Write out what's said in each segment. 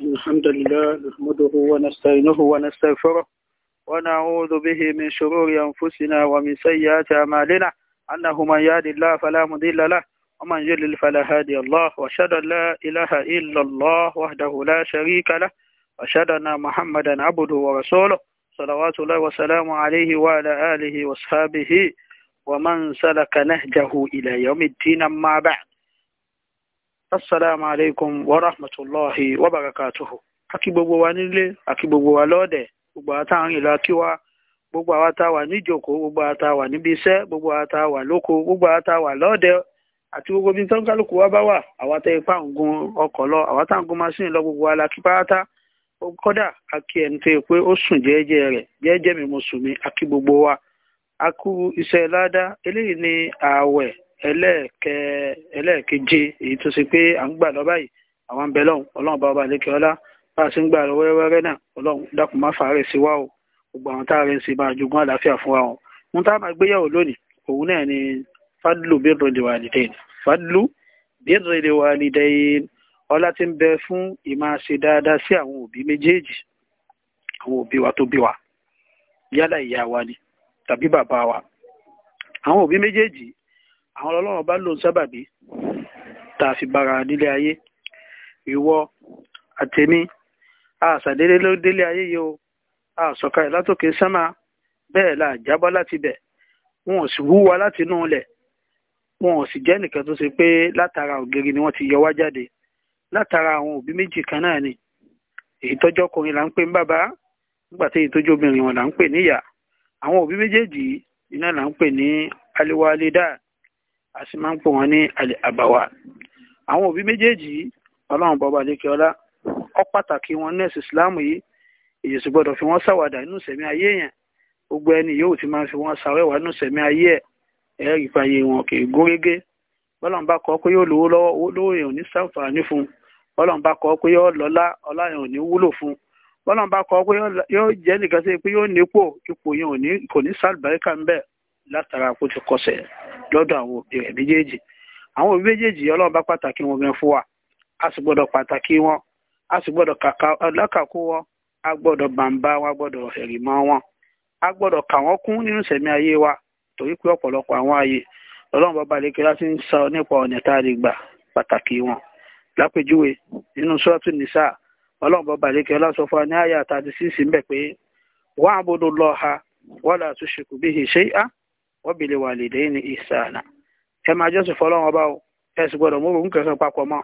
الحمد لله نحمده ونستعينه ونستغفره ونعوذ به من شرور أنفسنا ومن سيئات أعمالنا أنه من يهد الله فلا مضل له ومن يضلل فلا هادي الله وأشهد أن لا إله إلا الله وحده لا شريك له وأشهد أن محمدا عبده ورسوله صلوات الله وسلامه عليه وعلى آله وأصحابه ومن سلك نهجه إلى يوم الدين أما بعد assalamu alaikum wa rahmatulahi wa barakatuhu akí gbogbo wa nílé akí gbogbo wa lọ́ọ̀dẹ̀ gbogbo àtàrin ìlú akíwá gbogbo àwa tá wà níjòkó gbogbo àwa tá wà níbi iṣẹ́ gbogbo àwa tá wà lóko gbogbo àwa tá a wà lọ́ọ̀dẹ̀ àti gbogbo ibi tó ń kálukú wa bá wà àwa tá ipá ń gun ọkọ̀ lọ àwa tá ń gun maṣíìnì lọ gbogbo alákí pátá kódà akí ẹni tó yẹ pé ó sùn jẹ́ẹ́jẹ́ rẹ̀ jẹ́ẹ́jẹ́ mi mo sùn mi akí gbogbo wa akú iṣẹ́ ládá eléyìí ni ààwẹ̀ ẹlẹ́ẹ̀kẹ́ ẹlẹ́ẹ̀keje èyí tó ṣe pé à ń gbà lọ báyìí àwọn ń bẹ lọ́hùn ọlọ́run bá ọba àlékè ọlá bá a ṣe ń gbà lọ wẹ́rẹ́wẹ́rẹ́ náà ọlọ́run dákun má fàárẹ̀ sí wa o gbogbo àwọn tá a rẹ̀ ń ṣe bá jogún àlàáfíà fún wa o ohun tá a máa gbéyàwó lónìí òun náà ni fadlu birru lil walidain fadlu birru lil walidain ọlá ti ń bẹ fún ìmáa ṣe dáadáa sí àwọn òbí méjèèjì àwọn òbí wa tó bí wa yálà ìyá wa ni tàbí bàbá wa àwọn òbí méjèèjì àwọn ọlọ́run bá lòun sábàbí tá a fi bára nílé ayé ìwọ àtẹ̀mí àṣàdélé ló délé ayé yìí o àṣọkalẹ̀ látòkè sánmà bẹ́ẹ̀ la jábọ́ láti bẹ̀ wọn ò sì wúwa láti inú ilẹ̀ wọn ò sì jẹ́ nìkan tó ṣe pé látara ògiri ni wọ́n ti yọ wá jáde látara àwọn òbí méjì kan náà ni èyí tọ́jọ́ ọkùnrin là ń pè ń bàbá nígbà tí èyí tọ́jọ́ obìnrin wọn là ń pè níyà àwọn òbí méjèèjì iná là ń pè ní aliwalidá a sì máa ń pè wọ́n ní àbàwà àwọn òbí méjèèjì ọlọ́run bọ́ba adékeọlá ó pàtàkì wọn nẹ́ẹ̀sì ìsìláàmù yìí èyí sì gbọ́dọ̀ fi wọ́n ṣàwàdà inú sẹ̀mí ayé yẹn gbogbo ẹni yóò ti máa fi wọ́n ṣàwẹ́wà inú sẹ̀mí ayé ẹ̀ ẹ̀rí fàyè wọn kì í gúnrégé bọ́lọ́n bá kọ́ pé yóò lówó lọ́wọ́ lówó yẹn ò ní ṣàǹfààní fún un bọ́lọ́n bá kọ́ pé yóò lọ́lá ọlá yẹn ò ní wúlò fún un bọ́lọ́n bá kọ́ pé yóò jẹ́ nìkan sí pé yóò nípò ipò yẹn kò ní sàlùbáríkà ń bẹ̀ látara kó ti kọsẹ̀ lọ́dọ̀ àwọn òbí rẹ̀ méjèèjì àwọn òbí méjèèjì ọlọ́run bá pàtàkì wọn gan fún wa a sì gbọ́dọ̀ pàtàkì wọn a sì gbọ́dọ̀ lákàkó wọn a gbọ́dọ̀ bàǹbà wọn a wọn a gbọ́dọ̀ kà wọ́n kún nínú sẹ̀mí ayé wa torí pé ọ̀pọ̀lọpọ̀ àwọn aye. ọlọ́run láti ń sọ nípa ọ̀nà tá a lè gbà pàtàkì wọn lápèjúwe nínú sọ́ọ̀tù wa ní àyà àtàdé pé wabil walidayni ihsana ẹ máa jọ́sìn fọlọ́run ọba o ẹ sì gbọ́dọ̀ mú òun kẹsàn papọ̀ mọ́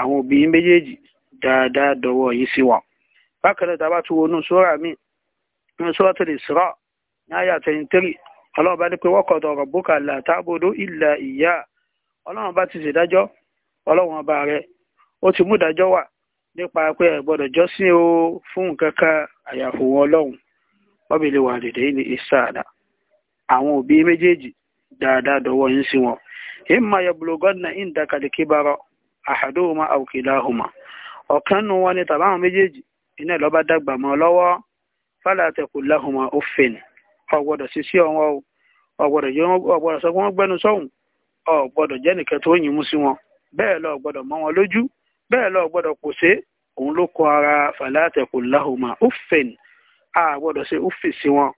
àwọn òbí méjèèjì dáadáa dọwọ́ yìí sí wa bákan náà tábà tún wọnú sóra mi nínú suratul Isra ní àyà twenty three ọlọ́run bá ní pé wa qada rabbuka alla ta'budu illa iyya ọlọ́run bá ti ṣèdájọ́ ọlọ́run ọba rẹ̀ ó ti mú ìdájọ́ wà nípa pé ẹ gbọ́dọ̀ jọ́sìn o fún nǹkan kan àyàfòwọ́ ọlọ́run wabil walidayni ihsana àwọn òbí méjèèjì dáadáa dọwọ́ yín sí wọn imma yablughanna indaka al-kibara ahaduhuma aw kilahuma ọ̀kan nu wọn ni tàbáwọn méjèèjì iná ìlọ́ba dàgbà mọ́ lọ́wọ́ fala taqul lahuma uffin ọ̀gbọ́dọ̀ sí sí ọ̀wọ́ ọ̀gbọ́dọ̀ sọ pé wọ́n gbẹnu sọ́hùn ọ̀gbọ́dọ̀ jẹ́ nìkan tó yìn mú sí wọn bẹ́ẹ̀ lọ ọ̀gbọ́dọ̀ mọ́ wọn lójú bẹ́ẹ̀ lọ ọ̀gbọ́dọ̀ kò ṣe òun ló kọ ara fala taqul lahuma uffin àgbọ́dọ̀ ṣe uffin sí wọn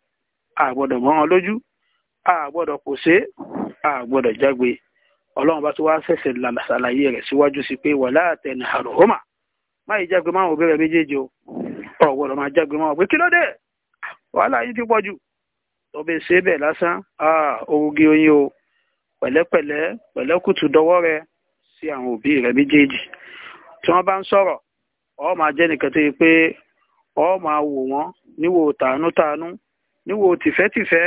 àgbọ́dọ̀ mọ́ wọn lójú a gbọ́dọ̀ kose, ṣe a gbọ́dọ̀ jágbe ọlọ́run bá tó wá ṣẹ̀ṣẹ̀ ṣàlàyé rẹ̀ síwájú sí pé wàlá àtẹnì àròhómà máyì jágbe máwọn òbí rẹ̀ méjèèjì o ọ̀ gbọ́dọ̀ máa jágbe máwọn òbí kí ló dé wàhálà yìí ti pọ̀ jù tó bẹ ṣe bẹ́ẹ̀ lásán orugi oyin o pẹ̀lẹ́pẹ̀lẹ́ pẹ̀lẹ́kùtù dọwọ́ rẹ sí àwọn òbí rẹ̀ méjèèjì tí wọ́n bá ń sọ̀rọ̀ ọ máa jẹ́ nìkan tó yẹ pé ọ máa wò wọ́n níwò tàánú níwò tìfẹ́tìfẹ́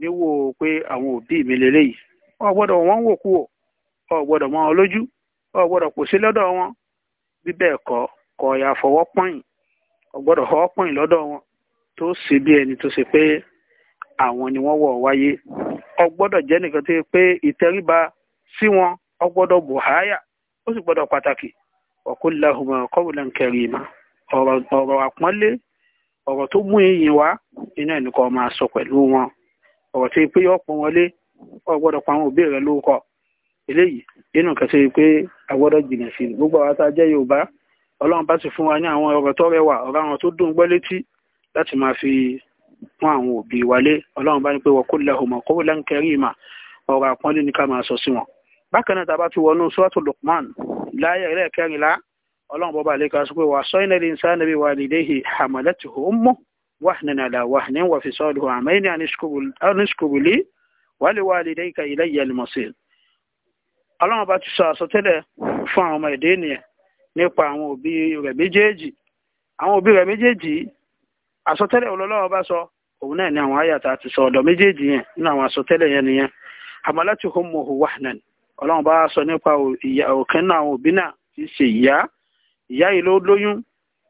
níwò pé àwọn òbí mi lélẹ́yìí wọn gbọ́dọ̀ wọ́n wò kú ọ gbọ́dọ̀ mọ́ ọ lójú ọ kò sí wọn bí ẹkọ kọ́ ya fọwọ́ pọ́yìn ọ wọn tó si bí ẹni tó ṣe pé àwọn ni wọn wọ̀ wáyé ọ gbọ́dọ̀ jẹ́ nìkan tó yẹ pé ìtẹríba sí wọn ọ gbọ́dọ̀ bùháyà ó sì pàtàkì ọrọ tó mú iyìn wá iná ẹnìkan máa ọ̀rọ̀ tí pé yọ̀pọ̀ wọn lé ọ gbọ́dọ̀ pa àwọn òbí rẹ lórúkọ eléyìí nínú kẹsẹ̀ pé a gbọ́dọ̀ jìnà sí gbogbo àwọn tá yorùbá ọlọ́run bá sì fún wa ní àwọn ọ̀rọ̀ tó rẹwà ọ̀rọ̀ àwọn tó dùn gbọ́ létí láti máa fi fún àwọn òbí wálé ọlọ́run bá ní pé wọ́n kó lẹ́hùn mọ́ kó lẹ́ńkẹ́rì mà ọ̀rọ̀ àpọ́nlé ní ká máa sọ sí wọn. bákan náà tàbá وحنا على وحن وفصاله عامين أن اشكر لي ولوالديك إلي المصير ọlọ́run bá ti sọ àsọtẹ́lẹ̀ fún àwọn ọmọ èdè ènìyàn nípa àwọn òbí rẹ̀ méjèèjì àwọn òbí rẹ̀ méjèèjì àsọtẹ́lẹ̀ olólọ́run bá sọ òun náà ni àwọn àyàtà ti sọ ọ̀dọ̀ méjèèjì yẹn nínú àwọn àsọtẹ́lẹ̀ yẹn nìyẹn àmọ́láti homohu wahnan ọlọ́run sọ nípa òkè àwọn òbí náà ti ṣe ìyá ìyá yìí ló lóyún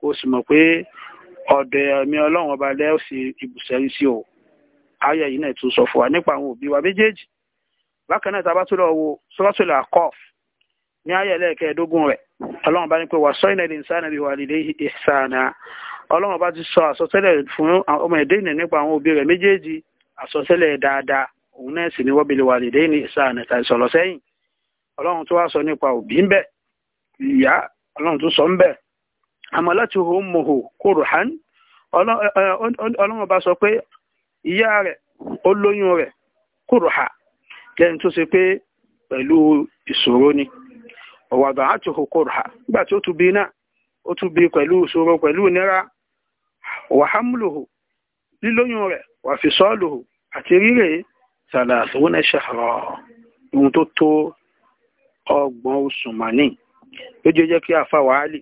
kó o sì mọ̀ pé ọ̀dọ̀ ẹ̀mí ọlọ́run ọba lẹ́ọ̀sì ibùsẹ̀ ń sí o ayọ̀ yìí náà tún sọ fún wa nípa àwọn òbí wa méjèèjì bákan náà tábà tó lọ wo suratul A'qaf ní ayọ̀ ẹlẹ́ẹ̀kẹ́ẹ̀dógún rẹ̀ ọlọ́run bá ní pé ti sọ àsọtẹ́lẹ̀ fún ọmọ ẹ̀dẹ́ ìnẹ̀ nípa àwọn òbí rẹ̀ méjèèjì àsọtẹ́lẹ̀ dáadáa òun náà sì ni wọ́n bèèrè tàbí sọ̀rọ̀ sẹ́yìn ọlọ́run sọ nípa òbí ń bẹ̀ ìyá ọlọ́run sọ ń àmọ́lẹ́tùhù mòhò kòrò hàn ọlọ́run bá sọ pé ìyá rẹ̀ olóyún rẹ̀ kòrò hà lẹ́yìn tó ṣe pé pẹ̀lú ìṣòro ni ọ̀wàdà àtùhù kòrò hà nígbà tí ó tún bí náà ó tún bí pẹ̀lú ìṣòro pẹ̀lú ìnira wàhámùlòhò lílóyún rẹ̀ wàfisọ́ọ̀lòhò àti rírè sàlàsíwọ́n ẹ̀ṣẹ̀ rọ̀ ohun tó tó ọgbọ̀n oṣù kí àfa wàhálì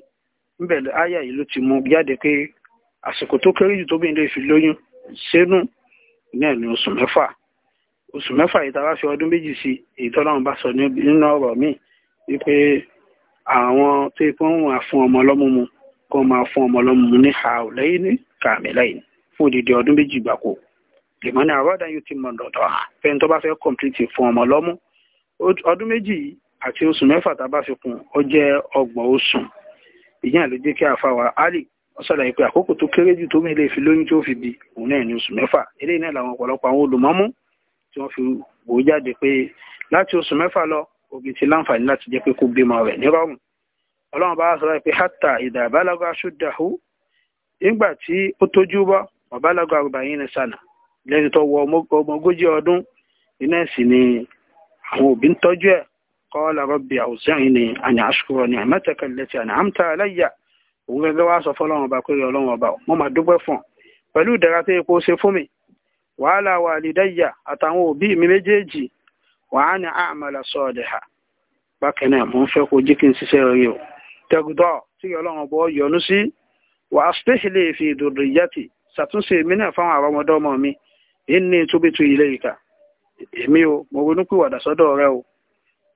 ńbẹ̀ áyà yìí ló ti mú jáde pé àsìkò tó kéré jù tóbi lè fi lóyún sínú náà ní oṣù mẹ́fà oṣù mẹ́fà yìí tá a bá fi ọdún méjì sí èyí tọ́lọ́run bá sọ nínú ọ̀rọ̀ míì wípé àwọn tó yẹ kó ń wà fún ọmọ ọlọ́mú mu kó máa fún ọmọ ọlọ́mú mu ní ha ò lẹ́yìn ní kàmí lẹ́yìn fún òdìdí ọdún méjì gbàkó lèmọ́ ní àwọ̀dà yóò ti mọ̀ dọ̀dọ̀ hàn fẹ́ni tó bá fẹ́ kọ̀m̀plìtì fún ọmọ ọlọ́mú ọdún méjì àti oṣù mẹ́fà tá a bá fi kún ó jẹ́ ọgbọ̀n oṣù ìyẹn ló jẹ́ kí àfàwà ali wọ́n ṣàlàyé pé àkókò tó kéré jù tó mi lè fi lóyún tí ó fi bí òun náà ní oṣù mẹ́fà eléyìí náà làwọn ọ̀pọ̀lọpọ̀ àwọn olùmọ́mú tí wọ́n fi wò ó jáde pé láti oṣù mẹ́fà lọ obì ti láǹfààní láti jẹ́ pé kó bímọ rẹ̀ nírọ̀rùn ọlọ́run bá sọ pé hátà ìdá àbálágọ́ nígbà tí ó tójú bọ́ ọ̀bálágọ́ àrùbáyín ní sànà lẹ́ni tó wọ ọmọ ogójì ọdún iná ẹ̀sìn ni àwọn òbí ń tọ́jú ẹ̀ قال ربي أوزعني أن أشكر نعمتك التي أنعمت علي òun gẹ́gẹ́ wá sọ fọ́lọ́run ọba pé ọlọ́run ọba mo máa dúpẹ́ fún ọ pẹ̀lú ìdára tó yẹ kó ṣe fún mi wàhálà wà lídáyà àtàwọn òbí mi méjèèjì wàá ní àmàlà sọ ọdẹ ha bákan náà mo ń fẹ́ kó jí kí n ṣiṣẹ́ rẹ o tẹgùdọ tí ọlọ́run ọba yọ́nú sí wà á ṣèṣì lè fi ìdòdò ìyá ti ṣàtúnṣe mi náà fáwọn àrọmọdọ́mọ mi èyí ní tóbi tu ilé ìka èmi o mo ronú pìwàdà sọ́dọ̀ rẹ o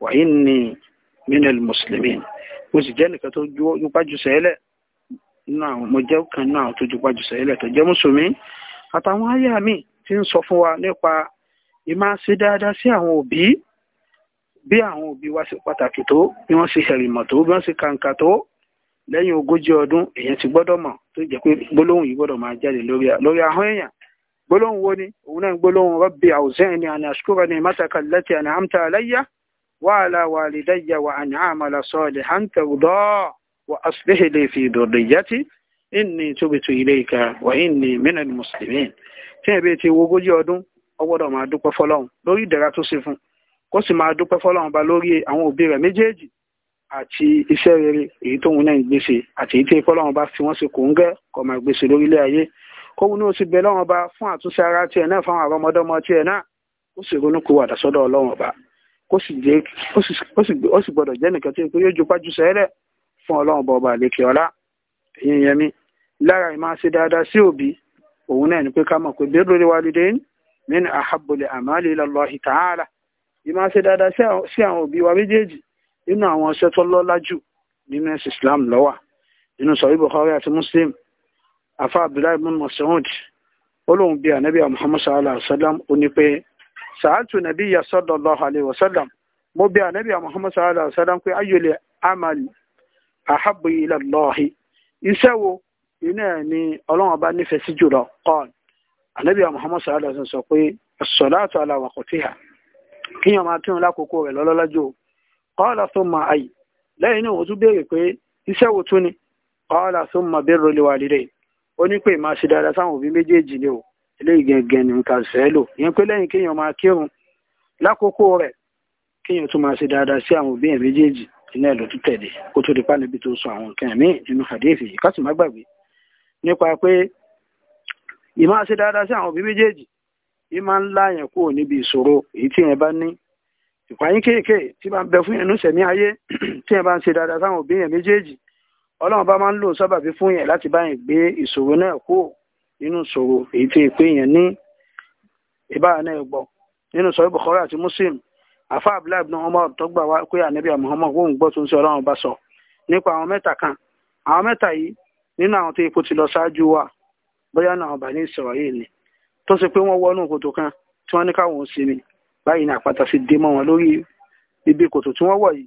wàyí ni minel muslimin mo sì jẹ́ nìkan tó jupá jù sẹ́lẹ̀ mo jẹ́ kan náà tó jupá jù sẹ́lẹ̀ tó jẹ́ mùsùlùmí àtàwọn àyà mi ti ń sọ fún wa nípa ìmá ṣe dáadáa sí àwọn òbí bí àwọn òbí wa ṣe pàtàkì tó bí wọ́n ṣe hẹ̀rìmọ̀ tó bí wọ́n ṣe kàǹkà tó lẹ́yìn ogójì ọdún èèyàn ti gbọ́dọ̀ mọ̀ tó jẹ́ pé gbólóhùn yìí gbọ́dọ̀ máa jáde lórí ahọ́n èèyàn gbólóhùn wo ni òun náà gbólóhùn rabbi awzani an ashkura ni'mataka allati an'amta alayya وعلى والدي وأن أعمل صالحا ترضاه وأصلح لي في ذريتي إني تبت إليك وإني من المسلمين tí ẹbí ti wo ogójì ọdún ó gbọ́dọ̀ máa dúpẹ́ fọ́lọ́run lórí ìdẹ̀ra tó ṣe fún kó sì máa dúpẹ́ fọ́lọ́run ba lórí àwọn òbí rẹ̀ méjèèjì àti iṣẹ́ rere èyí tó wọn náà ń gbèsè àti èyí tí fọ́lọ́run bá fi wọ́n ṣe kò ń gẹ́ kó máa gbèsè lórílẹ̀ ayé kó wọn ó sì bẹ lọ́wọ́n ba fún àtúnṣe ara tiẹ̀ náà fáwọn àrọ́mọdọ́mọ tiẹ̀ náà ó sì ronú kó wàdà sọ́dọ̀ Ọlọ́run kó sì jẹ́ ó sì gbọ́dọ̀ jẹ́ nìkan tí ó yóò ju pájú sẹ́rẹ̀ fún ọlọ́run bọba àlekè ọlá èyí yẹn mi lára ìmáa ṣe dáadáa sí òbí òun náà ni pé ká mọ̀ pé birrul walidayn min ahabbul a'mali ilallahi ta'ala ìmáa ṣe dáadáa sí àwọn òbí wa méjèèjì nínú àwọn ọṣẹ tó lọ́lá jù nínú ẹ̀sìn Islam lọ́wà nínú sọ̀rọ̀ Bukhari àti Muslim afa Abdullahi bin Mas'ud ó lóun bí anabi Muhammad sallallahu alaihi wa sallam ó ní pé sa'altu nabiyya sallallahu alaihi wasallam mo bi anabi muhammad sallallahu alaihi wasallam pé ayyul amali ahabbu ila allah iṣẹ́ wo iná ni Ọlọ́run bá nífẹ̀ẹ́ sí jùlọ qal anabi muhammad sallallahu alaihi wasallam sọ pé as-salatu ala waqtiha kíyàn máa kírun lákòókò rẹ̀ lọ́lọ́lọ́jọ́ qala thumma ayy lẹ́yìn náà wọ́n tún béèrè pé iṣẹ́ wo tún ni qala thumma birrul walidayn ó ní pé máa ṣe dáadáa sáwọn òbí ni o eléyìí gẹ́gẹ́ ni nǹkan sẹ́lò ìyẹn pé lẹ́yìn kéèyàn máa kírun lákòókò rẹ̀ kéèyàn tún máa ṣe dáadáa sí àwọn òbí ẹ̀ méjèèjì iná ẹ̀ ló tún tẹ̀lé kó tó di pánibí tó sọ àwọn nǹkan ẹ̀mí nínú àdéhìí yìí kásì má gbàgbé nípa pé ìmáa ṣe dáadáa sí àwọn òbí méjèèjì yìí máa ń láàyàn kúrò níbi ìṣòro èyí tí yẹn bá ní ìpààyín kéèké tí máa ń bẹ fún yẹn ní sẹ̀mí ayé tí yẹn bá ń ṣe dáadáa sáwọn òbí yẹn méjèèjì ọlọ́run bá máa ń lò sábàbí fún yẹn láti bá yẹn gbé ìṣòro náà kúrò nínú ìṣòro èyí tí ìpé yẹn ní ìbára náà gbọ́ nínú sọ̀rọ̀ Bukhari àti Muslim afa abdullahi ibn Umar tó gbà wá pé ànábì Muhammad wọ́n ń gbọ́ tó ń sọ ọlọ́run bá sọ nípa àwọn mẹ́ta kan àwọn mẹ́ta yìí nínú àwọn tó ipò ti lọ ṣáájú wa bóyá náà Bani Israil ni tó ṣe pé wọ́n wọnú kòtò kan tí wọ́n ní káwọn ò sinmi báyìí ní àpáta sì dé mọ́ wọn lórí ibi kòtò tí wọ́n wọ̀ yìí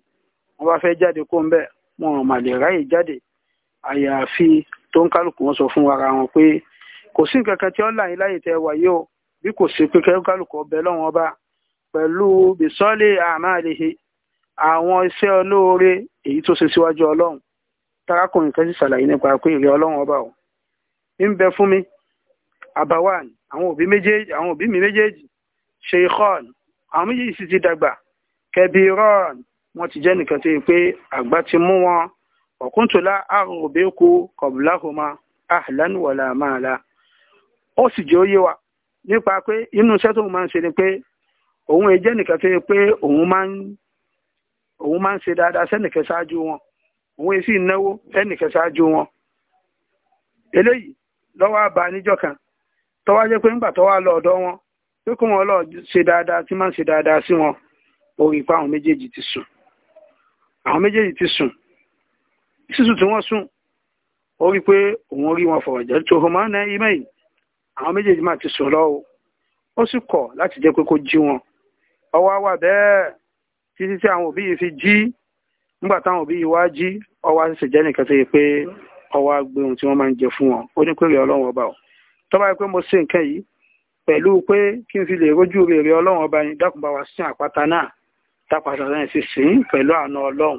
wọ́n bá fẹ́ jáde kó ń bẹ̀ wọn ò mà lè ráyè jáde àyàfi tó ń kálukú wọn sọ fún ara wọn pé kò sí nǹkan kan tí ó là yín láyè tẹ wáyé o bí kò sí pé kẹrùkálùkọ bẹ lọ́wọ́n ọba pẹ̀lú bisọ́lé àmàlèhe àwọn iṣẹ́ olóore èyí tó ṣe síwájú ọlọ́run tarakùnrin kan sì ṣàlàyé nípa pé ìrẹ́ ọlọ́run ọba o ń bẹ fún mi abawan àwọn òbí méjèèjì àwọn òbí mi méjèèjì sheikhon àwọn méjèèjì sì ti dàgbà kebiron wọn ti jẹ́ nìkan tó yẹ pé àgbà ti mú wọn ọ̀kúntòlá àrùn òbí kú kọ̀bùláhùnmá ahlan wàlàmáàlá o sì jẹ́ oye wa nípa pé inú iṣẹ́ tóun máa ń ṣe ni pé òun èjẹ́ nìkan tó yẹ pé òun máa ń òun se ṣe dáadáa won ṣáájú wọn òun èsì náwó sẹ́nìkan ṣáájú wọn eléyìí lọ́wọ́ àbá níjọ́ kan tọ́wá jẹ́ pé ńgbà tọ́wá lọ wọn pé kó wọn lọ ṣe dáadáa tí máa ń ṣe dáadáa sí wọn orí ipa àwọn méjèèjì ti sùn àwọn méjèèjì ti sùn sísùn tí wọ́n sùn ó wọn fọ̀rọ̀ jẹ́ tó àwọn méjèèjì máa ti sọ̀rọ̀ o ó sì kọ̀ láti jẹ́ pé kó jí wọn ọwọ́ wà bẹ́ẹ̀ títí tí àwọn òbí yìí fi jí nígbà táwọn òbí yìí wá jí ọwọ́ àṣẹṣẹ jẹ́ nìkan tó yẹ pé ọwọ́ agbé ohun tí wọ́n máa ń jẹ fún wọn ó ní pé rẹ̀ ọlọ́run ọba o tó bá yẹ pé mo ṣe nǹkan yìí pẹ̀lú pé kí n fi lè rójú rere ọlọ́run ọba yìí dákun wa sin àpáta náà tápàtà náà sì sìn pẹ̀lú àna ọlọ́run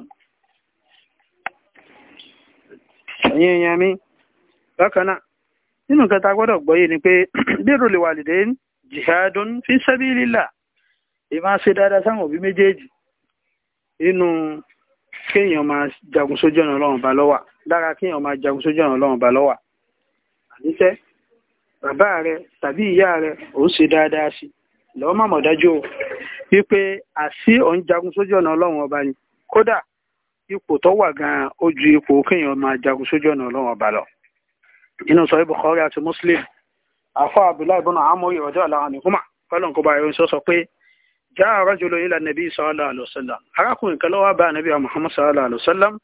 ẹ̀yin èèyàn mi bákan náà nínú nǹkan tá a gbọ́dọ̀ gbọ́yé ni pé bírò lè wà lè dé jihadun fi sabilillah ìmá ṣe dáadáa sáwọn òbí méjèèjì nínú kéèyàn máa jagun sójú ọ̀nà ọlọ́run bá lọ́wà dára kéèyàn máa jagun sójú ọ̀nà ọlọ́run bá lọ́wà àníṣẹ́ bàbá rẹ tàbí ìyá rẹ ò ń ṣe dáadáa sí lọ́wọ́ màmọ̀ dájú o wípé àṣì òun jagun sójú ọ̀nà ọlọ́run ọba ni kódà ipò tó wà gan-an ó ju ipò kéèyàn máa jagun sójú ọ̀nà ọlọ́run ọba lọ inú sọ Bukhari àti Muslim afọ Abdullahi ibn Amr ọjọ́ àlàrà nìkúmà kọ́lọ̀ kó bá yọ sọ sọ pé já rajulun ila nàbí sallallahu alaihi wasallam arákùnrin kan lọ́wọ́ bá nàbí Muhammad sallallahu alaihi wasallam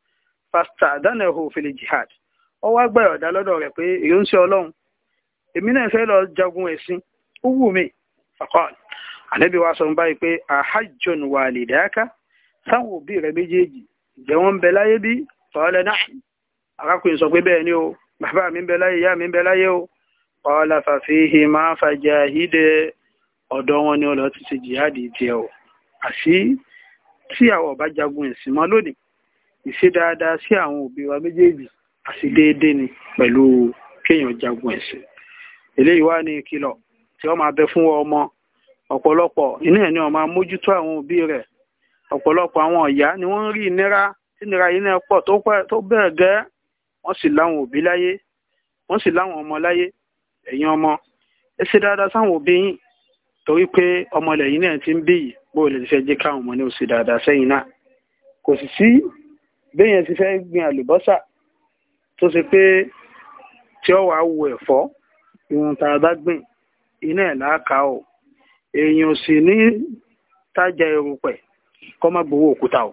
fasta'danahu fil jihad ó wá gbà ọ̀dá lọ́dọ̀ rẹ̀ pé èyí ń ṣe ọlọ́run èmi náà fẹ́ lọ jagun ẹ̀sìn ó wù mí faqal ànábì wa sọ báyìí pé ahajjun walidaka sáwọn òbí rẹ̀ méjèèjì jẹ́ wọ́n bẹ láyé bí qala na'am arákùnrin sọ pé bẹ́ẹ̀ ni o bàbá mi ń bẹ láyé ìyá mi ń bẹ láyé o ọ̀la fàfihì máa fàjà ìdè ọ̀dọ̀ wọn ni ọlọ́ ti ṣe jihadi tiẹ̀ o àṣí tí àwọn ọba jagun ẹ̀sìn mọ́ lónìí ìṣe dáadáa sí àwọn òbí wa méjèèjì àti déédéé ni pẹ̀lú kéèyàn jagun ẹ̀sìn eléyìí wá ní ìkìlọ̀ tí wọ́n máa bẹ fún ọmọ ọ̀pọ̀lọpọ̀ inú ẹ̀ ni wọ́n máa mójútó àwọn òbí rẹ̀ ọ̀pọ̀lọpọ̀ àwọn ọ̀yá ni wọ́n ń rí ìnira tí ìnira yìí náà pọ̀ tó bẹ́ẹ̀ gẹ́ wọ́n sì láwọn òbí láyé wọ́n sì láwọn ọmọ láyé ẹ̀yin ọmọ ẹ ṣe dáadáa sáwọn òbí yín torí pé ọmọ ilẹ̀ yìí náà ti ń bí yìí bó lè fẹ́ jẹ́ káwọn ọmọ ní oṣù dáadáa sẹ́yìn náà kò sì sí béèyàn ti fẹ́ gbin àlùbọ́sà tó ṣe pé tí ó wàá wo ẹ̀fọ́ ìwọ̀n tá a bá gbìn iná ẹ̀ láàka o èèyàn ò sì ní tájà erùpẹ̀ kọ́ má gbowó òkúta o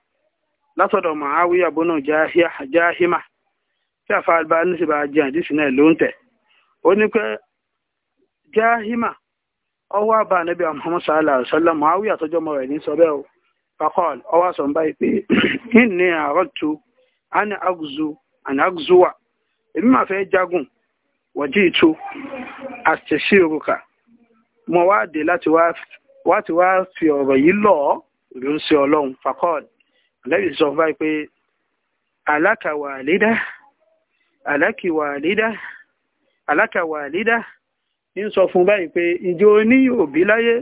látọ̀dọ̀ mọ̀háwíyà bọ́nà jáhímà tí àfa jẹ́ àdísì náà ló ń tẹ̀ ó ní pé jáhímà ọwọ́ àbá Muhammad tọ́jọ́ mọ̀ rẹ̀ sọ o fakọ́l ọwọ́ sọ ń báyìí pé ní àárọ̀ àní àní èmi máa fẹ́ jagun wọ̀jí àṣẹṣí òrùka wá dé láti wá fi ọ̀rọ̀ yìí ń ṣe ọlọ́run lẹ́yìn sọ báyìí pé alákàwà àlédá alákìwà sọ fún báyìí pé ìjọ ní òbí láyé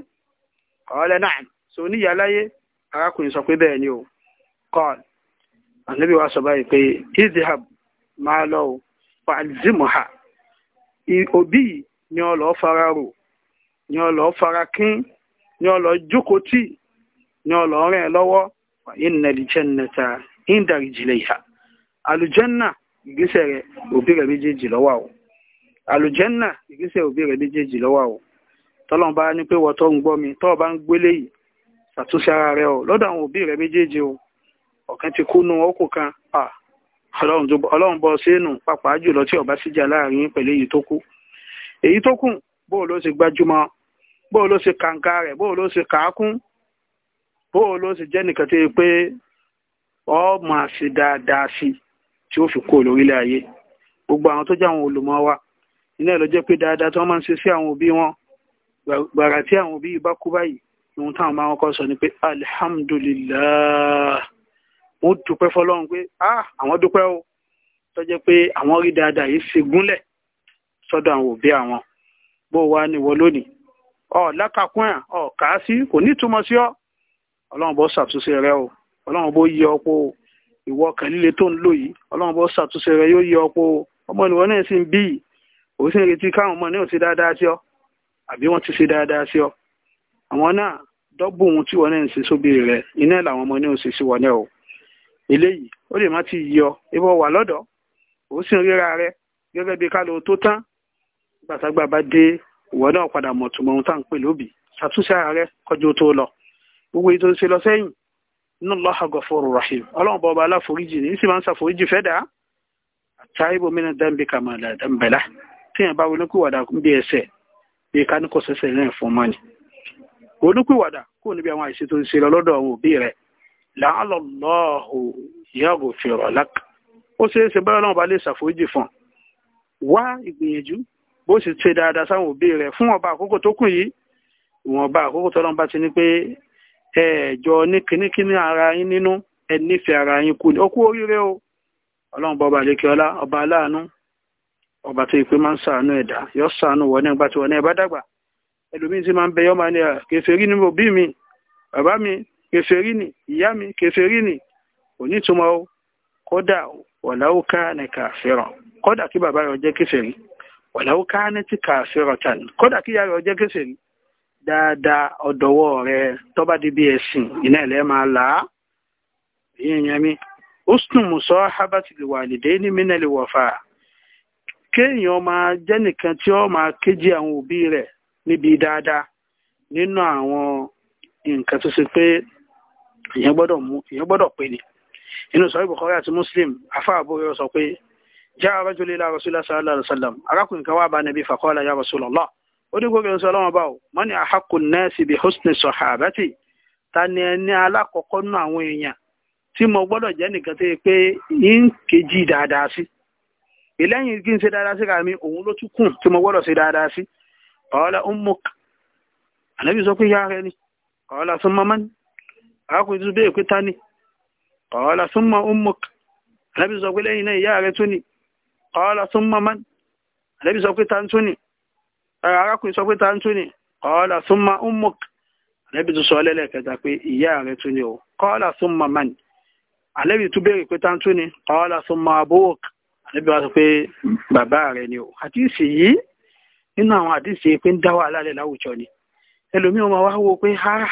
ọ̀ọ́lẹ̀ náà so níyà láyé arákùnrin sọ pé bẹ́ẹ̀ ni wa sọ báyìí pé izihab máa lọ ni ọ fara ni fara kín ni ọ jókòó ni ọ lọ lọwọ. inna al-jannata inda rijlayha àlùjànnà ìgbésẹ̀ rẹ̀ òbí rẹ̀ méjèèjì lọ́wọ́ o àlùjànnà ìgbésẹ̀ òbí rẹ̀ méjèèjì lọ́wọ́ o tọ́lọ́n bá ní pé wọ́n tó ń gbọ́ mi tọ́ bá ń gbélé yìí ṣàtúnṣe ara rẹ o lọ́dọ̀ àwọn òbí rẹ méjèèjì o ọ̀kan ti kú nu ọkù kan ọlọ́run bọ́ sínú pàpà jùlọ tí ọba síjà láàrin pẹ̀lú èyí tó kù èyí tó kù bóò ló ṣe gbajúmọ̀ bóò ló ṣe kàǹkà rẹ̀ bóò ló ṣe kàákún bó o ló sì jẹ́ nìkan tó yẹ pé ọ máa ṣe dáadáa sí i tí ó fi kú lórílẹ̀ ayé gbogbo àwọn tó jẹ́ àwọn olùmọ̀ wa iná ẹ̀ ló jẹ́ pé dáadáa tí wọ́n máa ń ṣe sí àwọn òbí wọn gbàrà tí àwọn òbí bá kú báyìí ohun táwọn máa ń kọ́ sọ ni pé alihamudulilayi wọ́n dúpẹ́ fọlọ́run pé ah àwọn dúpẹ́ o tó jẹ́ pé àwọn rí dáadáa yìí ṣe gúnlẹ̀ sọ́dọ̀ àwọn òbí àwọn bó wá níwọ lónìí ọ̀ lákàkún ẹ̀ ọ̀ kà á sí kò ní túmọ̀ sí ọ́ ọlọ́run bó ṣàtúnṣe rẹ o ọlọ́run bó yẹ ọpọ o ìwọ ọkàn líle tó ń lò yìí ọlọ́run bó ṣàtúnṣe rẹ yóò yẹ ọpọ o ọmọ ìwọ náà sì ń bí yìí òun sì ń retí káwọn ọmọ náà ti dáadáa sí ọ àbí wọ́n ti ṣe dáadáa sí ọ àwọn náà dọ́gbù ohun tí wọ́n náà ń ṣe sóbì rẹ iná làwọn ọmọ náà ṣe sí wọn náà o eléyìí ó lè má ti yọ ibò wà lọ́dọ̀ òun sì ń ríra rẹ gẹ́gẹ́ bí kálo tó tán gbàtàgbà bá dé ìwọ náà padà mọ̀ tùmọ̀ ohun tá à ń pè lóbì ṣàtúnṣe ara rẹ kọjú tó lọ gbogbo ètò ìṣe lọ sẹ́yìn inna Allaha ghafurur rahim ọlọ́run bọ́ọ̀bá aláforíjì ní sì máa ń ṣàforíjì fẹ́ dà àtàìbò mìíràn dánbí kàmá àdàmbẹ̀lá tíyẹn bá wọlé kúwàdà bí ẹsẹ̀ bí ká ní kò sẹ́sẹ̀ náà fún mọ́ni olùkúwàdà kò níbi àwọn àìsí tó ń ṣe lọ lọ́dọ̀ àwọn òbí rẹ̀ la'alla Allahu yaghfira lak ó ṣe é ṣe bẹ́ẹ̀ náà bá lè ṣàforíjì fún wá ìgbìyànjú bó sì ṣe dáadáa sáwọn òbí rẹ̀ fún ọba àkókò tó kù yìí ìwọ̀nba àkókò tọ́lọ́mbá ti ní pé ẹjọ ní kìnnìkìnnì ara yín nínú ẹ ara yín kú ni ó o ọlọ́run bá ọba àlékè ọlá ọba aláàánú ọba tó ìpè máa ń sàánú ẹ̀dá yọ sàánú wọ nígbà tí wọn ẹ bá dàgbà ẹlòmíín máa ń bẹ yọ máa ní à kèfèrí ni òbí mi bàbá mi kèfèrí ni ìyá mi kèfèrí ni o kódà wọ̀láwó káàní kàfẹ́ràn kódà kí bàbá rẹ̀ dáadáa ọ̀dọ̀wọ́ rẹ tó bá di bí ẹ̀sìn iná ẹ̀lẹ́ máa là á èyí yẹn mi usnu musa habati lè wà lédè ní mínà lè wọ̀fà kéèyàn máa jẹ́ nìkan tí ó máa kéjì àwọn òbí rẹ̀ níbi dáadáa nínú àwọn nǹkan tó ṣe pé èèyàn gbọ́dọ̀ mú èèyàn gbọ́dọ̀ pé ni inú sọ Bukhari àti Muslim afáàbò yóò sọ pé já abájọlé la Rasulullah sallallahu alaihi wasallam arákùnrin kan wà bá Nabi faqala ya Rasulullah ó ní gbogbo ìṣọ́ ọlọ́wọ́n bá o mọ́ ní àhàkù nẹ́ẹ̀sì bí husni sọ̀hábẹ́tì ta ni ẹni alákọ̀ọ́kọ́ nú àwọn èèyàn tí mo gbọ́dọ̀ jẹ́ nìkan tó yẹ pé yín kejì dáadáa sí ìlẹ́yìn kí n ṣe dáadáa sí kàmí òun ló tún kùn tí mo gbọ́dọ̀ ṣe dáadáa sí ọ̀ọ́lá ummuk ànábì sọ pé yá rẹ ni ọ̀ọ́lá summa man arákùnrin tó béèrè pé ta ni ọ̀ọ́lá summa ummuk ànábì sọ pé lẹ́yìn náà ìyá rẹ tún ni ọ̀ọ́lá summa man ànábì sọ pé ta tún ni arákùnrin sọ pé ta ń tún ni kọ́ọ́lá súnmọ́ ummuk àlẹ́bí tún sọ lẹ́lẹ́kẹta pé ìyá rẹ̀ tún ni o kọ́ọ́lá súnmọ́ mani àlẹ́bí tún béèrè pé ta ń tún ni kọ́ọ́lá súnmọ́ abúrúk àlẹ́bí wá sọ pé bàbá rẹ̀ ni o àdìsí yìí nínú àwọn àdìsí pé ń dá wàhálà lẹ̀ láwùjọ ni ẹlòmíì wọn wá wo pé hárà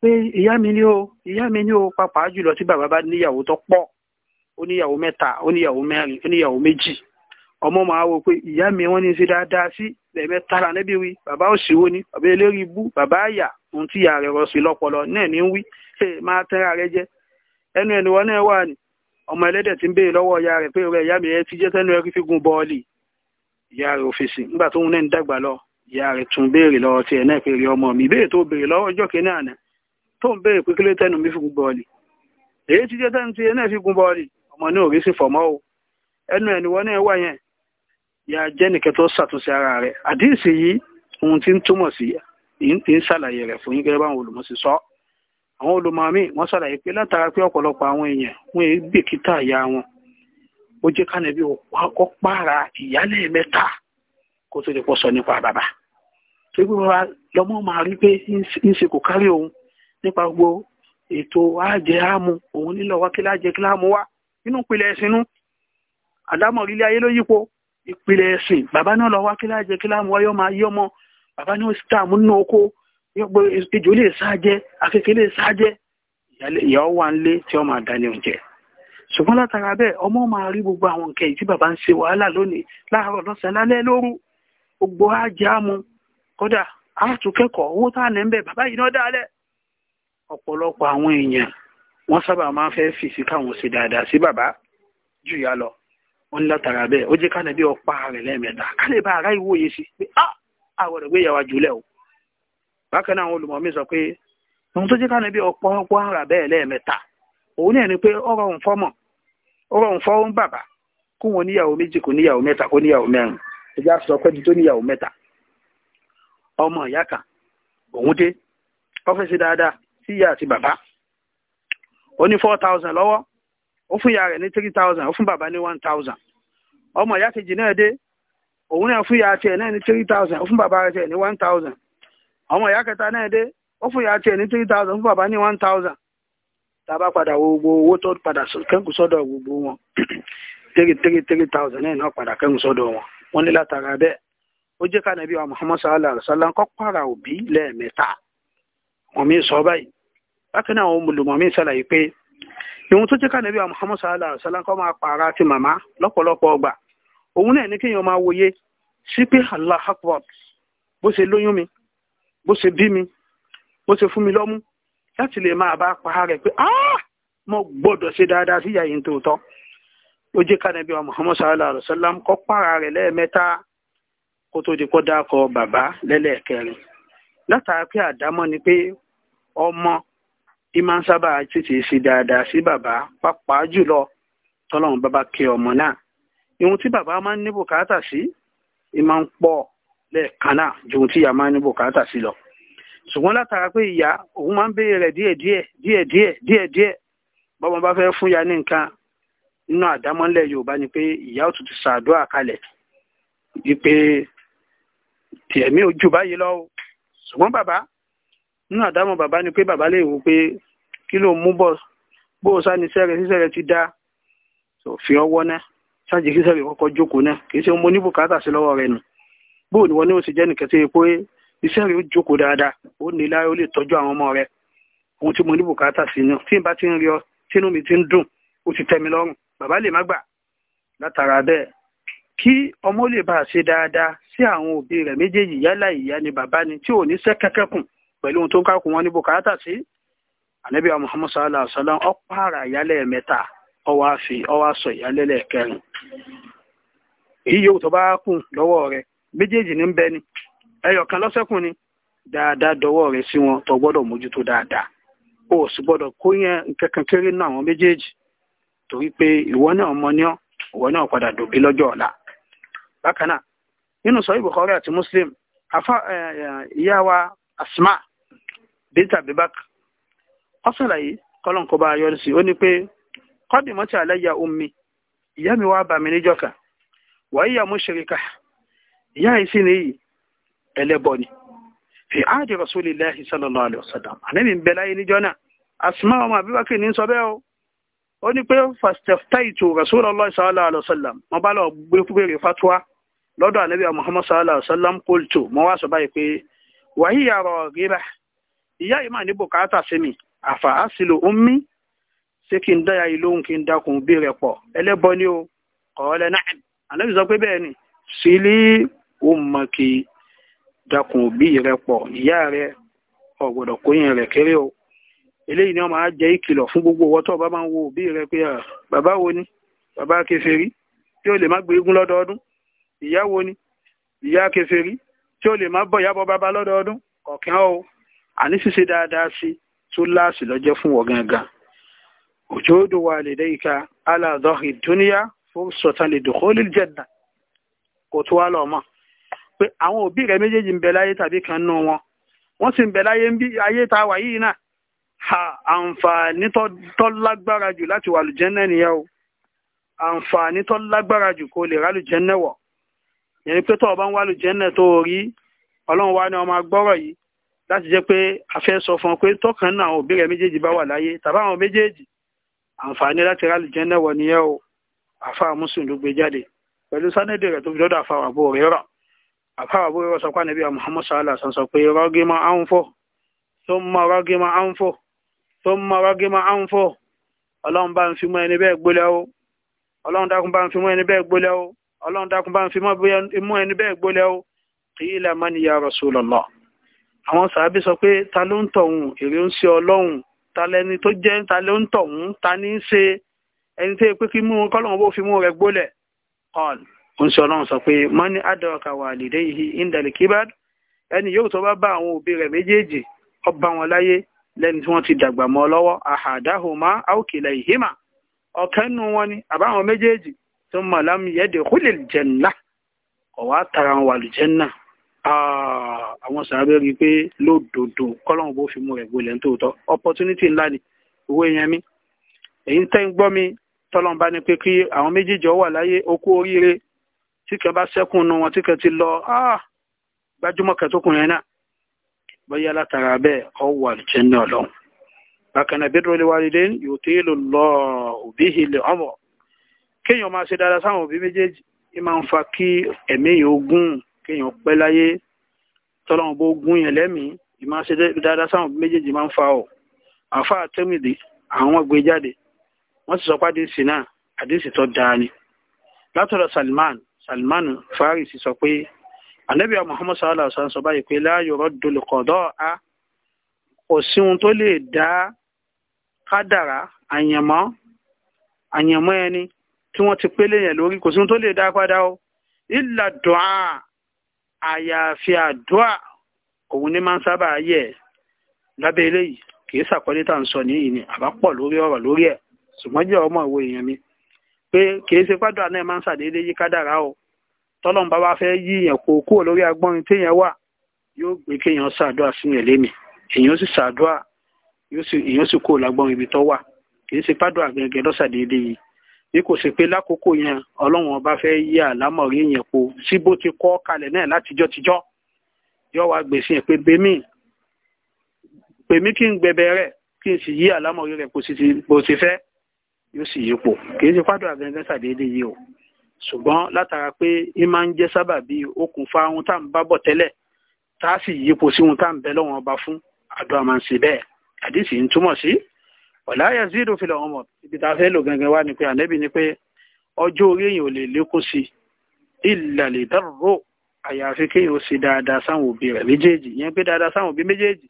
pé ìyá mi ni o ìyá mi ni o pàápàá jùlọ tí bàbá bá níyàwó tó pọ̀ ó níyàwó mẹ́ta ó níyàwó mẹ́rin ó méjì ọmọ máa wò pé ìyá mi wọ́n ní í ṣe dáadáa sí lẹ́ẹ̀mẹ́ tara níbi wí bàbá òṣìwò ni bàbá eléri bú bàbá àyà ohun tí ìyá rẹ̀ rọ̀ sí lọ́pọlọ náà ní wí ṣe máa tẹ́ra rẹ jẹ ẹnu ẹnu wọn náà wà ní ọmọ ẹlẹ́dẹ̀ tí ń béèrè lọ́wọ́ ìyá rẹ̀ pé ìyá mi ẹ ti jẹ́ tẹ́nu ẹrí fi gun bọ́ọ̀lì ìyá rẹ̀ ò fèsì nígbà tó ń náà ń dàgbà lọ ìyá rẹ̀ tún béèrè lọ́wọ́ tiẹ̀ náà pé rí ọmọ mi béèrè tó béèrè lọ́wọ́ ọjọ́ kìíní àná tó ń béèrè pé kílé tẹ́nu mi fi bọ́ọ̀lì èyí ti jẹ́ tẹ́nu tiẹ̀ náà fi bọ́ọ̀lì ọmọ náà ò rí sí fọ̀mọ́ o ẹnu ẹ̀nìwọ́ náà wà yẹn ya jẹ́ nìkan tó ara rẹ̀ àdíìsì yìí ohun tí ń túmọ̀ sí ń ṣàlàyé rẹ̀ fún yín gẹ́gẹ́ báwọn sọ àwọn olùmọ̀mí wọ́n ṣàlàyé pé látara pé ọ̀pọ̀lọpọ̀ àwọn èèyàn wọn èé ìyá wọn ó jẹ́ pààrà ìyálẹ̀ mẹ́ta kó tó lè pọ̀ sọ nípa bàbá lọ́mọ máa rí pé ń ṣe kò kárí òun nípa gbogbo ètò àmú òun nílò wákìlá nínú ìpìlẹ̀ ẹ̀sìn bàbá náà lọ wá kí láàjẹ kí láàmú wáyọ́ máa yí ọmọ bàbá náà sì tààmú nínú oko yọgbọ ìjò lè sáájẹ akeke lè sáájẹ ìyàwó wa ń lé tí ọmọ àdáni oúnjẹ ṣùgbọ́n látara bẹ́ẹ̀ ọmọ máa rí gbogbo àwọn nǹkan tí bàbá ń ṣe wàhálà lónìí láàárọ̀ lọ́sàn-án lálẹ́ lóru gbogbo ajé àmú kódà àtúnkẹ́kọ̀ọ́ owó tá à ní ń bẹ̀ bàbá yìí náà dálẹ̀ ọ̀pọ̀lọpọ̀ àwọn èèyàn wọ́n sábà máa fẹ́ fìsí káwọn ṣe dáadáa sí bàbá jù yá lọ wọ́n látara bẹ́ẹ̀ ó jẹ́ kánàbí ọ̀pá rẹ̀ lẹ́ẹ̀mẹ́ta ká ara ìwòye sí pé ah, àwọn o bákan náà àwọn olùmọ̀mí sọ pé tó ara bẹ́ẹ̀ lẹ́ẹ̀mẹ́ta òun náà ni pé ọ̀rọ̀ òun fọ́mọ̀ ọ̀rọ̀ òun kó wọn níyàwó méjì kó níyàwó kó níyàwó sọ pé tó níyàwó ọmọ ìyá kan òun dé dáadáa àti bàbá ó ní four thousand lọ́wọ́ o fún ìyá rẹ̀ ní three thousand ó fún bàbá ní one thousand ọmọ ya kejì náà dé ne three thousand one thousand three thousand one thousand wo gbogbo owó tó padà kẹ́kù sọ́dọ̀ gbogbo wọn three three three thousand náà náà padà kẹ́kù sọ́dọ̀ wọn Muhammad sallallahu ìhun tó jẹ́ ká nàbí Muhammad sallallahu alaihi wasallam kọ́ máa pààrà àti màmá lọ́pọ̀lọpọ̀ ọgbà òun náà ní kéèyàn máa wòye sí pé Allah akbar bó ṣe lóyún mi bó ṣe bí mi bó ṣe fún mi lọ́mú láti lè máa bá pàá rẹ̀ pé mo gbọ́dọ̀ ṣe dáadáa sí ìyá yìí tòótọ́ ó ọmọ ìmọ̀ sábà tètè ṣe dáadáa sí bàbá pàápàá jùlọ tọ́lọ́run bàbá kẹ ọmọ náà ìhun tí bàbá máa ń ní bùkátà sí ìmọ̀ ń pọ̀ lẹ́ẹ̀kan náà ju ohun tí ìyá máa ń ní bùkátà sí lọ ṣùgbọ́n látara pé ìyá òun máa ń béèrè rẹ̀ díẹ̀díẹ̀ díẹ̀díẹ̀ díẹ̀díẹ̀ bọ́mọ bá fẹ́ fún ya ní nǹkan nínú àdámọ́lẹ̀ yorùbá ni pé ìyá ò ṣùgbọ́n bàbá nínú àdámọ̀ bàbá ni pé bàbá lè wò pé kí ló mú bọ̀ bó sá ni sẹ́rẹ̀ sísẹ̀rẹ̀ ti dá fi ọwọ́ náà ṣáàjì kí sẹ́rẹ̀ kọ́kọ́ jókòó náà kì í ṣe mo ní bùkátà sí lọ́wọ́ rẹ nù bó o ní wọn ní o sì jẹ́ nìkan tí ó pé iṣẹ́ rẹ̀ ó jókòó dáadáa ó ní láyé ó lè tọ́jú àwọn ọmọ rẹ ohun tí mo ní bùkátà sí náà tí n bá ti ń rí ọ tínú mi ti ń dùn ó ti tẹ́ lọ́rùn bàbá lè má gbà látara bẹ́ẹ̀ kí ọmọ lè bá a ṣe dáadáa sí àwọn òbí rẹ̀ méjèèjì yálà ìyá ni bàbá ni tí ò ní sẹ́ pẹ̀lú ohun tó ń kálukú wọn ní bùkátà sí ànábì muhammad sallallahu alaihi wa sallam ara ìyálẹ̀ mẹ́ta ọwọ́ àfi ọwọ́ àsọ ìyálẹ̀lẹ̀ kẹrin èyí yòówù tó bá kù lọ́wọ́ rẹ méjèèjì ní ń bẹ ni ẹyọ kan lọ́sẹ̀kùn ni dáadáa dọwọ́ rẹ sí wọn tó gbọ́dọ̀ mójútó dáadáa o sì gbọ́dọ̀ kó yẹn kéré àwọn méjèèjì torí pé ìwọ náà bíntà bíbák ọ sàlàyé kọlọǹkọba ayọrí sí ó ní pé kọdìmọtì aláya omi ìyá mi wàá bà mí níjọ́ kan wàá yà mú ṣèríkà ìyá yìí sì níyì ẹlẹ́bọ ni fi áàdì rasulillahi sallallahu alaihi wasallam ànábì ń bẹ láyé níjọ́ náà asùnmọ́ ọmọ àbíbákì ní sọ bẹ́ẹ̀ o ó ní pé fastafitaitu rasulillahi sallallahu alaihi wasallam mo bá lọ gbé fúbèrè fatuwa lọ́dọ̀ ànábì muhammad sallallahu ìyá yìí mà ní bùkátà sí mi àfà á sì lò ó mí ṣé kí n dáyà yìí lóhùn kí n dákun bí rẹ̀ pọ̀ ẹlẹ́bọ ni o ọ̀ọ́lẹ̀ náà ànábì sọ pé bẹ́ẹ̀ ni sílí ó mọ kí dákun òbí rẹ̀ pọ̀ ìyá rẹ̀ ọ̀gbọ̀dọ̀ kóyìn rẹ̀ kéré o eléyìí ni wọ́n máa jẹ́ ìkìlọ̀ fún gbogbo owó tó bá máa ń wo òbí rẹ̀ pé bàbá wo ni bàbá kèfèrí tí ó lè má gbé eégún lọ́dọọdún ìyá wo ni ìyá kèfèrí tí ó lè má bọ ìyábọ bàbá lọ́dọọdún ọ̀kẹ́ o àní ṣíṣe dáadáa sí tó láàṣì lọ́jọ́ fún wọ gangan òjòòdò wà lè dẹ́yìká aláàdọ́hì dúníyà fún sọ̀tàn lè dòkó lè jẹ̀dà kò tó wá lọ mọ́ pé àwọn òbí rẹ méjèèjì ń bẹ láyé tàbí kan nù wọn wọ́n sì ń bẹ láyé ayé tá wà yìí náà ha àǹfààní tó lágbára jù láti wà lùjẹ́nà nìyẹn o àǹfààní tó lágbára jù kó lè rà lùjẹ́nà wọ̀ yẹn pé tó o bá ń wà lùjẹ́nà tó o rí ọlọ́run wá ní ọmọ agbọ́rọ̀ yìí láti jẹ́ pé a fẹ́ sọ fún ọ pé tọ́kàn náà àwọn òbí rẹ méjèèjì bá wà láyé tàbá àwọn méjèèjì àǹfààní láti rálì jẹ́ náà wọ nìyẹn o àfa àmúsùn ló gbé jáde pẹ̀lú sánẹ́dì rẹ̀ tó fi dọ́dọ̀ àfa àbò rẹ̀ rà àfa àbò rẹ̀ sọ pé ànábì Muhammad sallallahu alaihi wasallam sọ pé rọ́gímọ̀ àǹfọ̀ tó ń mọ rọ́gímọ̀ àǹfọ̀ tó ń mọ rọ́gímọ̀ àǹfọ̀ ọlọ́run bá ń fi mọ́ ẹni bẹ́ẹ̀ gbólẹ̀ o ọlọ́run dákun bá ń fi mọ́ ẹni bẹ́ẹ̀ gbólẹ̀ o ọlọ́run dákun bá ń fi mọ́ ẹni bẹ́ẹ̀ gbólẹ̀ o qila man ya Rasulullah àwọn sàábí sọ pé ta ló ń tọ̀hún èrè ń ṣe ọlọ́hun ta lẹni tó jẹ́ ta ló ń tọ̀hún ta ní í ṣe ẹni tó yẹ pé kí mú un kọ́lọ́hún bó fi mú rẹ̀ gbólẹ̀ ọ̀n ń ṣe ọlọ́hun sọ pé mọ́ni adọ́ka wà lìdẹ́ yìí ìndàlẹ̀ kíbad ẹni yóò tó bá bá àwọn òbí rẹ̀ méjèèjì ọba wọn láyé lẹ́ni tí wọ́n ti dàgbà mọ́ lọ́wọ́ àhàdáhùmá àókèlè ìhímà ọ̀kan wọn ni àbáwọn méjèèjì tó mọ̀ lámì yẹ́dẹ̀ kúlẹ̀ jẹ̀ńlá ọ̀wá tara wọn wà lùjẹ́ àwọn sàábẹ́ rí i pé lódodo kọ́lọ́hún bó fi mú rẹ̀ gbolẹ̀ nítòótọ́ opportunity ńlá ni owó yẹn mi èyí tẹ́ ń gbọ́ mi tọ́lọ́n bá ní pé kí àwọn méjèèjì ọ wà láyé okú oríire tí kẹ bá sẹ́kùn nu wọn tí kẹ ti lọ ah, gbajúmọ̀ kẹtókùn yẹn náà bóyá látara bẹ́ẹ̀ ọ wà jẹ́ ọlọ́run bákan náà bí dúró yóò tẹ́ lò lọ òbí ilẹ̀ ọmọ kéèyàn máa ṣe dáadáa sáwọn òbí méjèèjì ẹ ń fa kí ẹ̀mí yìí ogún kéèyàn pẹ́ láyé tọ́lọ́run bó gún yẹn lẹ́mìí ìmọ̀ ṣe dáadáa sáwọn méjèèjì máa ń fa ọ̀ àfa àtẹ́mìdì àwọn gbé jáde wọ́n sì sọ pé àdéhìsì náà àdéhìsì tó dáa ni látọ̀dọ̀ Salman Salman Farisi sọ pé anabi Muhammad sallallahu alaihi wasallam sọ báyìí pé la yuraddul qadaa a kò sí ohun tó lè dá kádàrá àyànmọ́ àyànmọ́ ẹni tí wọ́n ti pélé yẹn lórí kò sí tó lè dá padà ó illa du'a àyàfi àdúà òun ní máa ń sábà yẹ lábẹ́ eléyìí kìí sàkọlé tá à ń sọ nìyí ni àbá pọ̀ lórí ọ̀rọ̀ lórí ẹ̀ ṣùgbọ́n jẹ́ ọmọ ìwé èèyàn mi pé kìí ṣe pàdùn àná ẹ̀ máa ń ṣàdédé yí kádàrá o tọ́lọ́n bá wá fẹ́ yí èèyàn kó kúrò lórí agbọ́nrin téèyàn wà yóò gbé kéèyàn ṣàdúà sí yẹn lémi èèyàn sì ṣàdúà èèyàn sì kúrò lágbọ́nrin ibi tó wà kìí ṣe pàdùn àgẹ́gẹ́ lọ́sàdédé yìí bí kò ṣe pé lákòókò yẹn ọlọ́run ọba fẹ́ yí àlámọ̀rí yẹn po sí bó ti kọ́ kalẹ̀ náà látijọ́ tijọ́ yọ wá gbèsè yẹn pé bèmí pèmí kí n gbẹbẹ rẹ kí n sì yí àlámọ̀rí rẹ bó ti fẹ́ yóò sì yípo kì í ṣe fádùn àgẹ́gẹ́ sàdéédé yìí o ṣùgbọ́n látara pé í máa ń jẹ́ sábà bí okùnfà ohun tá à ń bá bọ̀ tẹ́lẹ̀ tá a sì yípo sí ohun tá à ń bẹ lọ́wọ́n ọba fún àdúrà máa ń ṣe bẹ́ẹ̀ àdìsí ń túmọ̀ sí ọ̀là yazidu fil umur ibi tá a fẹ́ lò gangan wá ni pé ànẹ́bì ni pé ọjọ́ orí èèyàn ò lè lékún sí illa li darru àyàfi kéèyàn ó ṣe dáadáa sáwọn òbí rẹ̀ méjèèjì ìyẹn pé dáadáa sáwọn òbí méjèèjì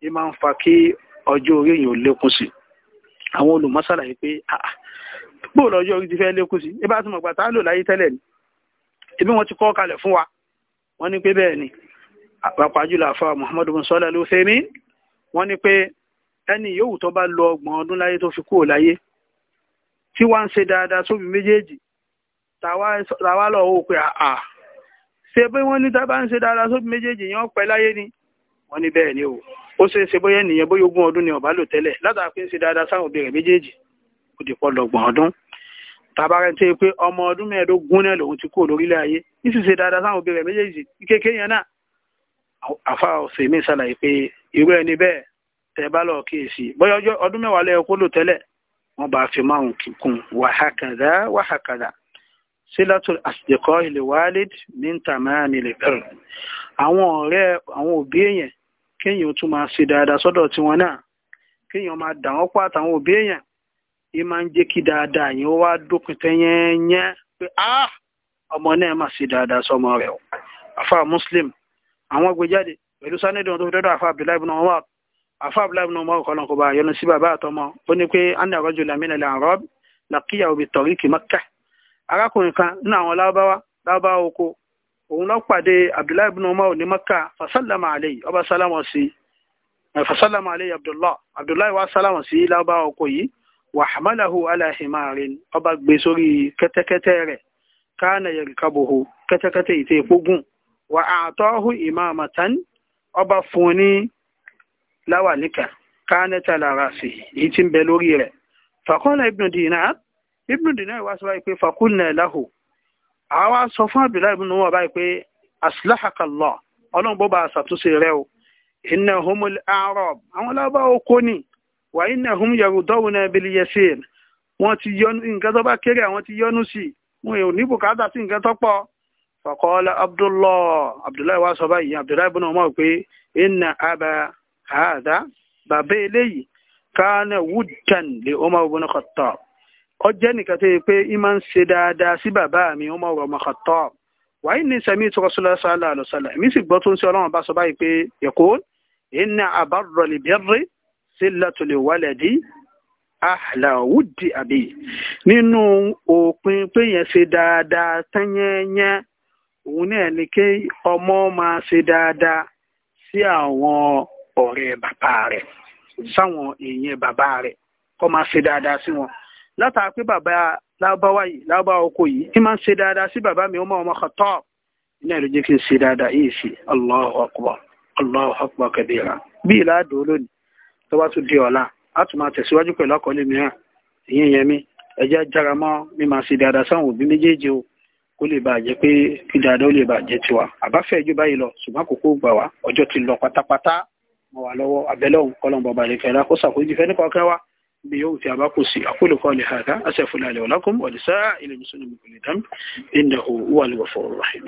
ni máa ń fa kí ọjọ́ orí èèyàn ò lékún sí àwọn olùmọ́sálà yìí pé bó lọ́jọ́ orí ti fẹ́ lékún sí ibà tí mo gbà tá a lò láyé tẹ́lẹ̀ ni ebi wọn ti kọ́ kalẹ̀ fún wa wọ́n ní pé bẹ́ẹ̀ ni àpapàjùlọ àfa Muhammadu bin sọ́lá ló fẹ́ mi ẹni yòówù tó bá lọ ọgbọ̀n ọdún láyé tó fi kúrò láyé tí wọ́n ń ṣe dáadáa sóbi méjèèjì tàwa lọ wò pé àà ṣe bí wọ́n ní tábà ń ṣe dáadáa sóbi méjèèjì yẹn ọ̀pẹ́ láyé ni wọ́n ní bẹ́ẹ̀ ni o ó ṣe é ṣe bóyá ènìyàn bóyá ogún ọdún ni ọ̀bá lò tẹ́lẹ̀ látà pé ń ṣe dáadáa sáwọn òbí rẹ̀ méjèèjì ó dìpọ̀ lọ́gbọ̀n ọdún tàbá rẹ̀ tó yẹ pé ọmọ ọdún mẹ́ẹ̀ẹ́dógún náà lòun ti kúrò lórílẹ̀ ayé níṣìṣe dáadáa sáwọn òbí rẹ̀ méjèèjì kékeré yẹn náà àfa ọ̀sẹ̀ mi ṣàlàyé pé irú ẹni bẹ́ẹ̀ tẹ bá lọ kíyèsí bóyá ọdún mẹ́wàá lẹ́yìn ọkọ lò tẹ́lẹ̀ wọn bá fi márùn kíkún wàhákàdá wàhákàdá sílátù àsìdẹ̀kọ́ ní àwọn ọ̀rẹ́ àwọn òbí èèyàn kéèyàn tún máa ṣe dáadáa sọ́dọ̀ tiwọn kéèyàn máa dà àtàwọn òbí èèyàn yìí máa ń kí dáadáa yẹn wá pé ah, ọmọ náà o afa muslim àwọn gbé jáde afa abdullahi bin umar kọlọn kọba yọnu sí bàbá àtọmọ ó ní pé anna rọjò lamina lanrob lakiya obi tọrí kì mọkà arákùnrin kan nínú àwọn lábáwá lábáwá oko òun lọ pàdé abdullahi bin umar ní mọkà fasalama aleyhi ọba sálámọ sí fasalama aleyhi abdullahi abdullahi wa sálámọ sí lábáwá oko yìí wa hamalahu ala himarin ọba gbé sórí kẹ́tẹ́kẹ́tẹ́ rẹ̀ kana yarkabuhu kẹ́tẹ́kẹ́tẹ́ ìtẹ ìpógún wa a'tahu imamatan ọba fún ní láwà níkà káánẹ́tà lára sí èyí tí ń bẹ lórí rẹ̀ fàkọ́lá ibnu dinar ibnu dinar wá sọ báyìí pé fàkúnnà láhù àwa sọ fún abdullahi ibnu wọn báyìí pé aslahakallah ọlọ́run bó ba àṣàtúnṣe rẹ o iná humul arab àwọn lábá oko ni wà iná hum yarudawna bil yasir wọ́n ti yọnu nǹkan tó bá kéré àwọn ti yọnu sí wọn ò ní bùkátà sí nǹkan tó pọ̀ fàkọ́lá abdullahi abdullahi sọ báyìí abdullahi ibnu wọn pé iná abba àádá bàbá eléyìí kánà wùdàn lè Umar ibn Khattab ó jẹ́ nìkan tó yẹ pé ìmọ̀ ń ṣe dáadáa sí bàbá mi Umar ibn Khattab wàá ní sami tó Rasulullah sallallahu alaihi wasallam èmi sì gbọ́ tó ń ṣe ọlọ́run bá sọ báyìí pé yaqul inna abarra li birri sillatul waladi ahla àbí nínú òpin pé ṣe dáadáa tán òun náà ni kí ọmọ máa ṣe dáadáa sí àwọn ọ̀rẹ́ bàbá rẹ̀ sáwọn èèyàn bàbá rẹ̀ kó máa ṣe dáadáa sí wọn látara pé bàbá lábáwá yìí lábáwá oko yìí ní máa ń ṣe dáadáa sí bàbá mi ọmọ ọmọ kọtọ́ iná ìlú jẹ́ kí n ṣe dáadáa yìí sí Allahu akbar Allahu bí ìlàdó lónìí tó bá tún di ọ̀la a tún máa tẹ̀síwájú pẹ̀lú àkọlé mìíràn ìyẹn yẹn mi ẹjẹ́ jára mọ́ mi máa ṣe dáadáa sáwọn òbí méjèèjì o kó lè bàa jẹ́ pé kí dáadáa ó lè bàa jẹ́ tiwa àbáfẹ́ ìjọba yìí lọ ṣùgbọ́n àkókò gbà wá ọjọ́ ti lọ pátápátá mọ̀ wà lọ́wọ́ abẹ́lẹ́hùn kọ́lọ́n bàbá rẹ̀ fẹ́ra kó sàkójú fẹ́ nípa ọkẹ́ wa bí yóò fi àbá kò sí àkólò kọ́ lè hàdá àṣẹ fúnlẹ̀ wọlákùn ọ̀lẹ́sà ilẹ̀ mùsùlùmí kò lè dám innahu huwa al-ghafur rahim